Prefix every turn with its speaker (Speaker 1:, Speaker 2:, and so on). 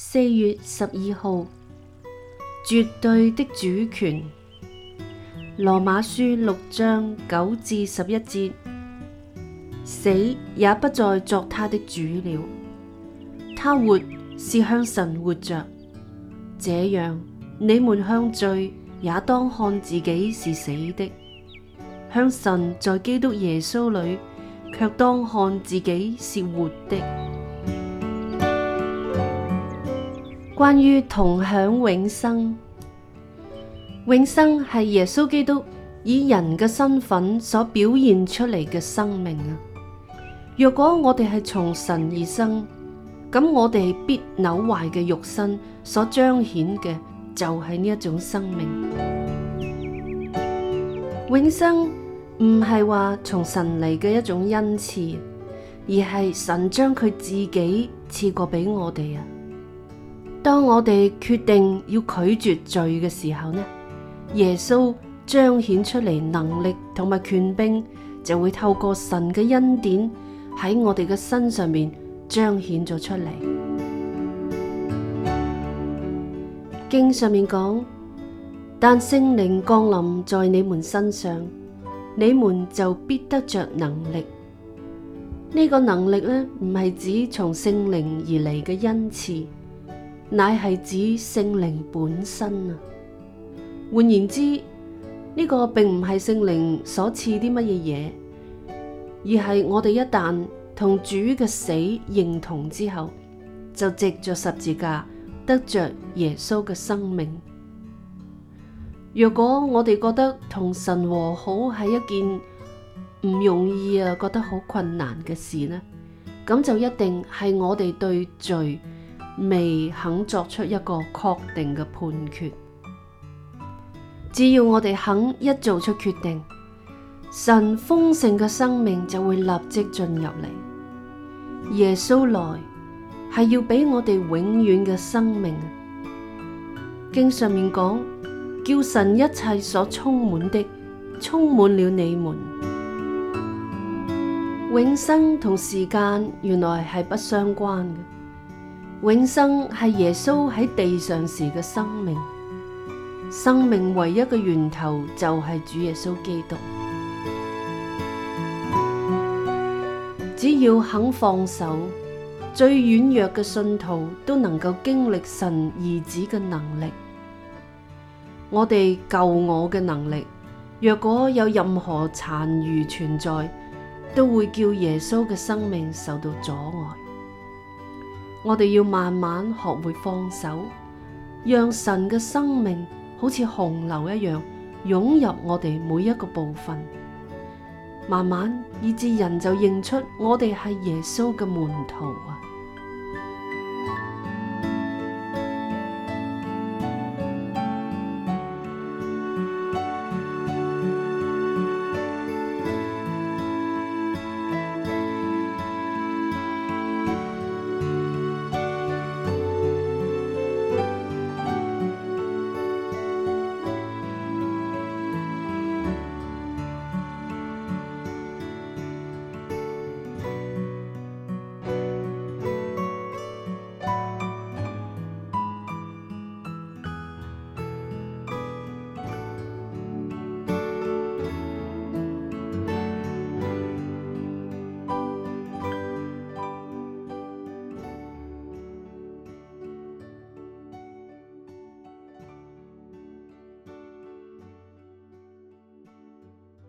Speaker 1: 四月十二號，絕對的主權。羅馬書六章九至十一節：死也不再作他的主了，他活是向神活着。這樣，你們向罪也當看自己是死的，向神在基督耶穌裏卻當看自己是活的。關於同享永生，永生係耶穌基督以人嘅身份所表現出嚟嘅生命啊！如果我哋係從神而生，咁我哋必扭壞嘅肉身所彰顯嘅就係呢一種生命。永生唔係話從神嚟嘅一種恩賜，而係神將佢自己賜過俾我哋啊！當我哋決定要拒絕罪嘅時候呢，耶穌彰顯出嚟能力同埋權柄，就會透過神嘅恩典喺我哋嘅身上面彰顯咗出嚟。經上面講，但聖靈降臨在你們身上，你們就必得着能力。呢個能力咧，唔係指從聖靈而嚟嘅恩賜。乃係指聖靈本身啊，換言之，呢個並唔係聖靈所賜啲乜嘢嘢，而係我哋一旦同主嘅死認同之後，就藉着十字架得着耶穌嘅生命。若果我哋覺得同神和好係一件唔容易啊，覺得好困難嘅事呢，咁就一定係我哋對罪。未肯作出一個確定嘅判決，只要我哋肯一做出決定，神豐盛嘅生命就會立即進入嚟。耶穌來係要俾我哋永遠嘅生命。經上面講，叫神一切所充滿的，充滿了你們。永生同時間原來係不相關嘅。永生係耶穌喺地上時嘅生命，生命唯一嘅源頭就係主耶穌基督。只要肯放手，最軟弱嘅信徒都能夠經歷神兒子嘅能力，我哋救我嘅能力。若果有任何殘餘存在，都會叫耶穌嘅生命受到阻礙。我哋要慢慢學會放手，讓神嘅生命好似洪流一樣湧入我哋每一個部分，慢慢以至人就認出我哋係耶穌嘅門徒啊！